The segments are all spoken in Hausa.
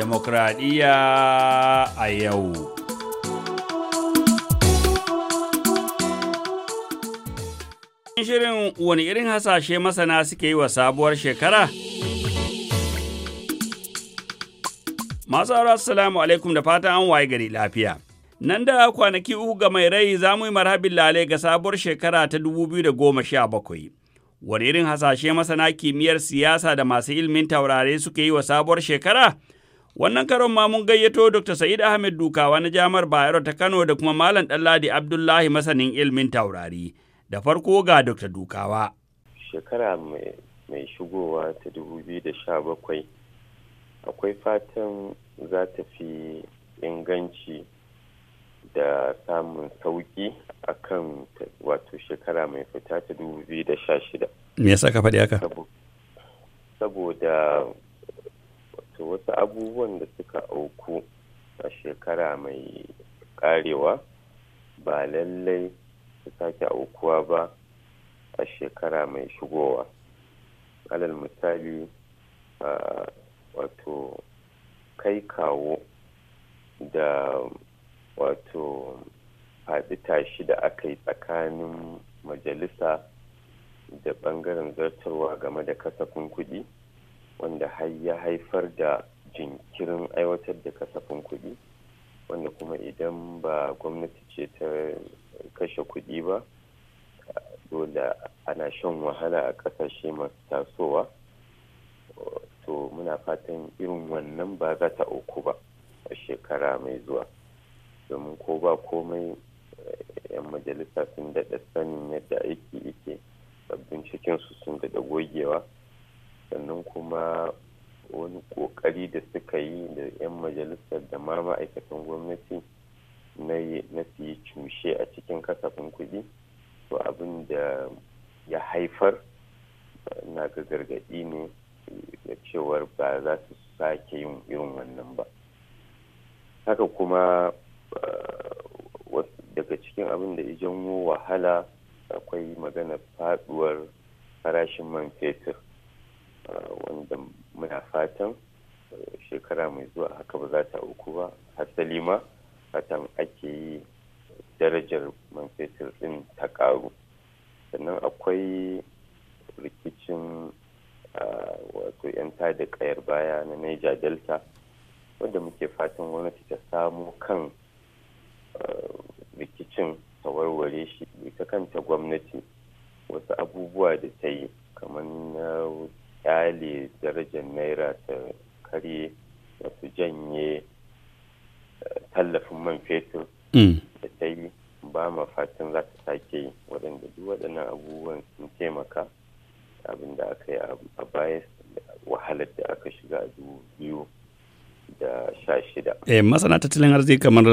demokradiyya a yau. Shirin wani irin hasashe masana suke yi wa sabuwar shekara? Masu aure assalamu alaikum da fatan an waye gari lafiya. Nan da kwanaki uku ga mai rai za mu yi marhabin lalai ga sabuwar shekara ta da goma sha 2017. Wani irin hasashe masana kimiyyar siyasa da masu ilimin taurare suke yi wa sabuwar shekara? Wannan karon ma mun gayyato Dr. Sa'id Ahmed Dukawa na Jamar Bayero ta Kano da kuma Malam Ɗanladi Abdullahi masanin ilmin taurari. Da farko ga Dr. Dukawa. Shekara mai shigowa ta 2017 akwai fatan za ta fi inganci da samun sauki a kan wato shekara mai fita ta 2016. Me yasa ka faɗi haka? Saboda wato wasu abubuwan da suka auku a shekara mai karewa ba lallai su sake aukuwa ba a shekara mai shigowa alal misali wato kai kawo da wato faɗi tashi da aka yi tsakanin majalisa da ɓangaren zartarwa game da kasafin kuɗi wanda har ya haifar da jinkirin aiwatar da kasafin kuɗi wanda kuma idan ba gwamnati ce ta kashe kuɗi ba dole ana shan wahala a ƙasashe masu tasowa to muna fatan irin wannan ba za ta uku ba a shekara mai zuwa domin ko ba komai 'yan majalisa sun daɗa sanin yadda aiki yake sabbin cikinsu sun daɗa gogewa sannan kuma wani kokari da suka yi da 'yan majalisar da ma ma'aikatan gwamnati na siyi cushe a cikin kasafin kuɗi to abin da ya haifar na ga gargaɗi ne da cewar ba za su sake yin irin wannan ba haka kuma daga cikin abin da janwo wahala akwai magana faduwar farashin man fetur fatan eh, shekara mai zuwa haka ba za ta auku ba hasali ma fatan ake yi darajar man fetur din ta karu sannan akwai rikicin ah, wato 'yan da kayar baya na niger delta wanda muke fatan gwamnati ta samu kan eh, rikicin ta warware shi ita kanta gwamnati wasu abubuwa da ta yi kamar na kyale darajar naira ta karye da su janye eh, tallafin man fetur mm. da ta yi ba ma fatan za ta sake yi waɗanda duk waɗannan abubuwan sun taimaka abin da aka yi a baya wahalar da aka shiga a dubu biyu da sha shida. Eh, masana tattalin arziki kamar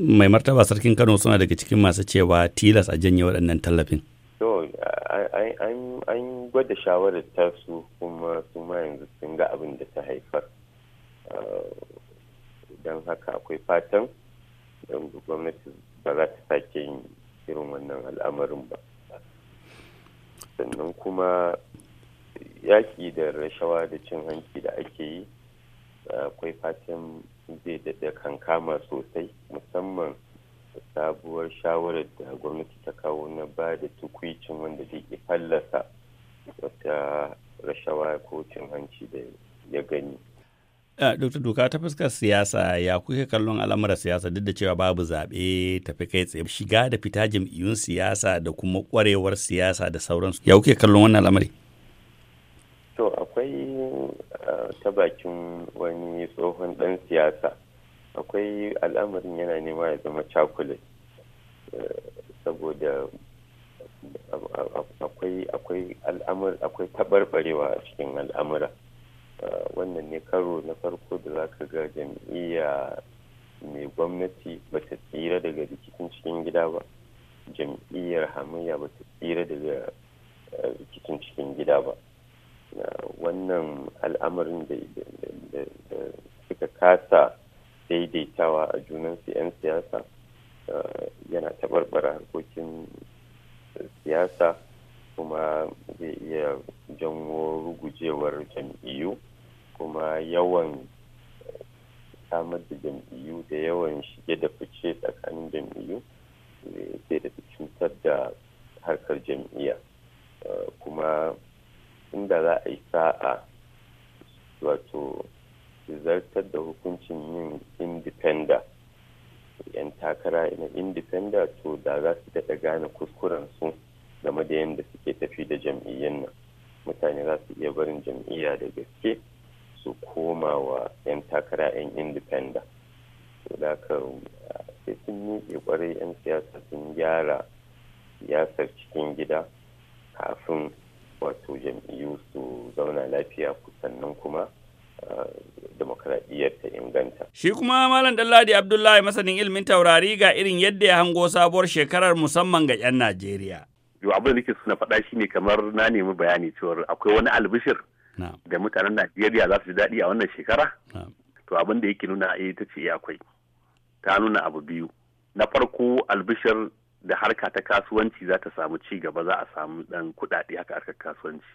mai martaba sarkin Kano suna daga cikin masu cewa tilas a janye waɗannan tallafin. an gwada shawarar tasu kuma su ma yanzu sun ga abin da ta haifar eh, don haka akwai fatan gwamnati ba za ta sake yin irin wannan al'amarin ba sannan kuma yaƙi da rashawa da cin hanci da ake yi eh, akwai fatan zai daɗa kankama sosai musamman sabuwar shawarar da gwamnati ta kawo na ba da tukwicin wanda zai ke fallasa wata rashawa ko cin hanci da ya gani. Dokta Doka ta fuskar siyasa ya kuke kallon al'amuran siyasa duk da cewa babu zaɓe tafi kai tsaye shiga da fita jam'iyyun siyasa da kuma ƙwarewar siyasa da sauransu. Ya kuke kallon wannan al'amari? To akwai ah, ta bakin wani tsohon ɗan siyasa akwai al'amarin yana nema ya zama cakulet eh, saboda akwai al'amur taɓarɓarewa a cikin al'amura wannan ne karo na farko da za ka ga jam'iyya mai gwamnati ba ta tsira daga rikicin cikin gida ba jam'iyyar hamayya ba ta tsira daga rikicin cikin gida ba wannan al'amarin da suka kasa daidaitawa a junansu 'yan siyasa eh, yana taɓarɓara harkokin siyasa kuma zai iya janwo rugujewar jam'iyyu kuma yawan eh, samar da jam'iyyu da yawan shige da fice tsakanin jam'iyyu zai eh, da cutar da harkar jam'iyya kuma inda za a yi sa'a wato zartar da hukuncin yin indipenda yan takara na indifenda to da za su daɗa gane kuskuren su game da yadda suke tafi da jam'iyyar nan mutane za su iya barin jam'iyya da gaske su koma wa yan takara yan indipenda to da ka sai sun miƙe kwarai yan siyasa sun gyara siyasar cikin gida kafin wato jam'iyyu su zauna lafiya sannan kuma demokradiyyar ta inganta. Shi kuma Malam Ɗanladi Abdullahi masanin ilmin taurari ga irin yadda ya hango sabuwar shekarar musamman ga 'yan Najeriya. Yo abin da nake suna faɗa shi ne kamar na nemi bayani cewar akwai wani albishir da mutanen Najeriya za su ji daɗi a wannan shekara. To abin da yake nuna eh, ita ce eh, akwai. Ta nuna abu biyu. Na farko albishir da harka ta kasuwanci za ta samu ci gaba za a samu ɗan kuɗaɗe haka harkar kasuwanci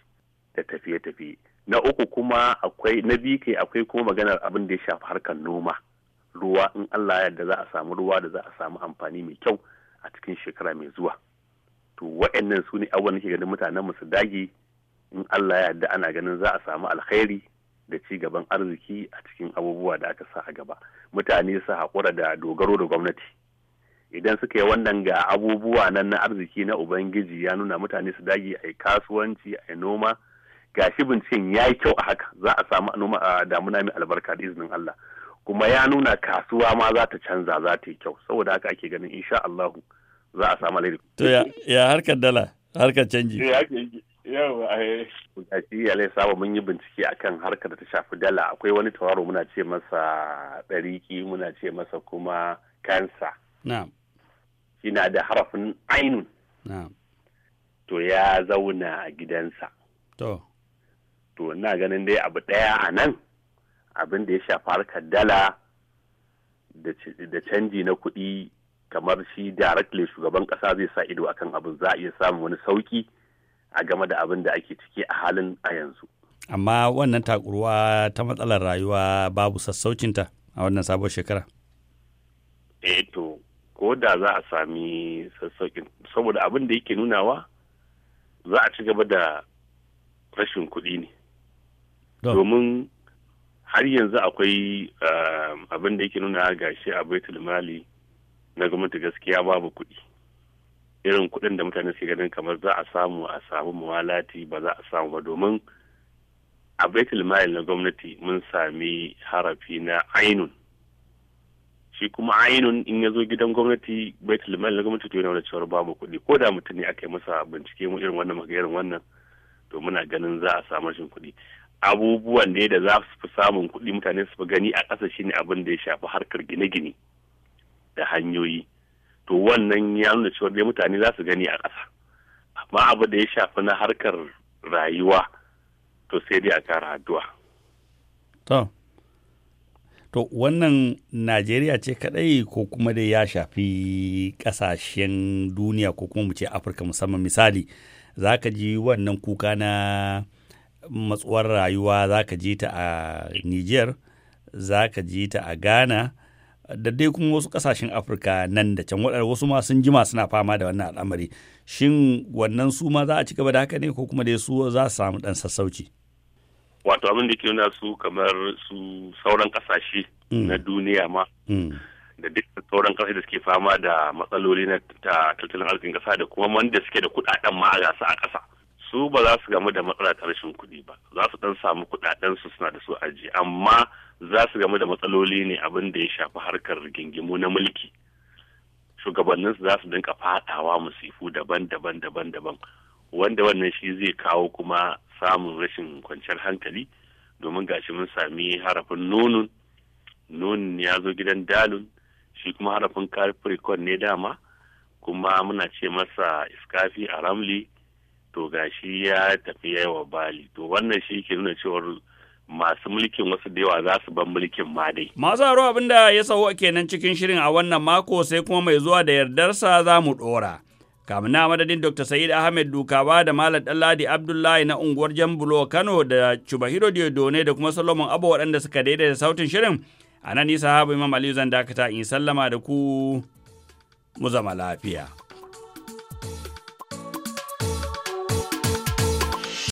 da tafiye-tafiye. na uku kuma akwai na biyu kai akwai kuma maganar abin da ya shafi harkar noma ruwa in Allah yarda za a samu ruwa da za a samu amfani mai kyau a cikin shekara mai zuwa to wa'annan su ne abubuwan da ke ganin mutanen mu su dage in Allah ya yarda ana ganin za a samu alkhairi da ci gaban arziki a cikin abubuwa da aka sa a gaba mutane su haƙura da dogaro da gwamnati idan suka yi wannan ga abubuwa nan na arziki na ubangiji ya nuna mutane su dage a kasuwanci a noma gashi binciken ya yi kyau a haka za a samu a damuna mai albarka da izinin Allah kuma ya nuna kasuwa ma za ta canza za ta yi kyau saboda haka ake ganin insha Allah za a samu alheri. To ya harkar dala harkar canji. Yawa yi eh. ya lai saba mun yi bincike akan harkar da ta shafi dala akwai wani tawaro muna ce masa ɗariki muna ce masa kuma kansa. Na'am. da harafin ainun. To ya zauna a gidansa. To. to na ganin dai abu ɗaya a nan abin da ya shafi harkar dala da canji na kuɗi kamar shi directly shugaban ƙasa zai sa ido akan abin za a iya samun wani sauki a game da abin da ake ciki a halin a yanzu. Amma wannan takurwa ta matsalar rayuwa babu sassaucinta a wannan sabon shekara? Eh to, ko da za a sami sassaucin saboda abin da yake nunawa za a ci gaba da rashin kuɗi ne. domin har yanzu akwai um, abin da yake nuna gashi a baitul mali na gwamnati gaskiya babu kuɗi irin kuɗin da mutane suke ganin kamar za a samu a samu muwalati ba za a samu ba domin a baitul mali na gwamnati mun sami harafi na ainun shi kuma ainun in ya zo gidan gwamnati baitul mali na gwamnati to yana da cewar babu kuɗi ko da mutum ne aka yi masa bincike mu irin wannan maka irin wannan to muna ganin za a samu rashin kuɗi abubuwan ne da za su fi samun kuɗi mutane su gani a ƙasa shine abin da ya shafi harkar gine-gine da hanyoyi to wannan ya nuna cewa dai mutane za su gani a ƙasa amma abu da ya shafi na harkar rayuwa to sai dai a kara addu'a to to wannan najeriya ce kadai ko kuma dai ya shafi ƙasashen duniya ko kuma mu ce afirka musamman misali za ka ji wannan kuka na matsuwar rayuwa za ka ji ta a niger za ka ji ta a ghana da dai kuma wasu kasashen afirka nan da can waɗanda wasu ma sun jima suna fama da wannan al'amari shin wannan su ma za a ci gaba da haka ne ko kuma dai su za su samu ɗan sassauci wato abin da ke nuna su kamar su sauran kasashe mm. na duniya ma mm. da duk sauran kasashe da suke fama da matsaloli na tattalin arzikin kasa da kuma wanda suke da kuɗaɗen ma a gasa a ƙasa su ba za su gamu da matsala ta rashin kuɗi ba za su dan samu kuɗaɗen su suna da su aji amma za su gamu da matsaloli ne abin da ya shafi harkar rigingimu na mulki shugabannin su za su dinka fadawa musifu daban-daban daban-daban wanda wannan shi zai kawo kuma samun rashin kwanciyar hankali domin gashi mun sami harafin nunun nunun ya zo gidan dalun shi kuma harafin capricorn ne dama kuma muna ce masa iskafi a ramli to gashi ya tafi ya wa bali to wannan shi ke nuna cewar masu mulkin wasu da yawa za su ban mulkin ma dai. Masu haro abin da ya sahu kenan cikin shirin a wannan mako sai kuma mai zuwa da yardarsa za mu ɗora. kamin na madadin Dr. Sa'id Ahmed Dukawa da Malam Ɗanladi Abdullahi na unguwar Jambulo Kano da Chubahiro Diodone da kuma Solomon abu waɗanda suka daidaita sautin shirin. A nan nisa habu Imam Aliyu zan dakata in sallama da ku mu zama lafiya.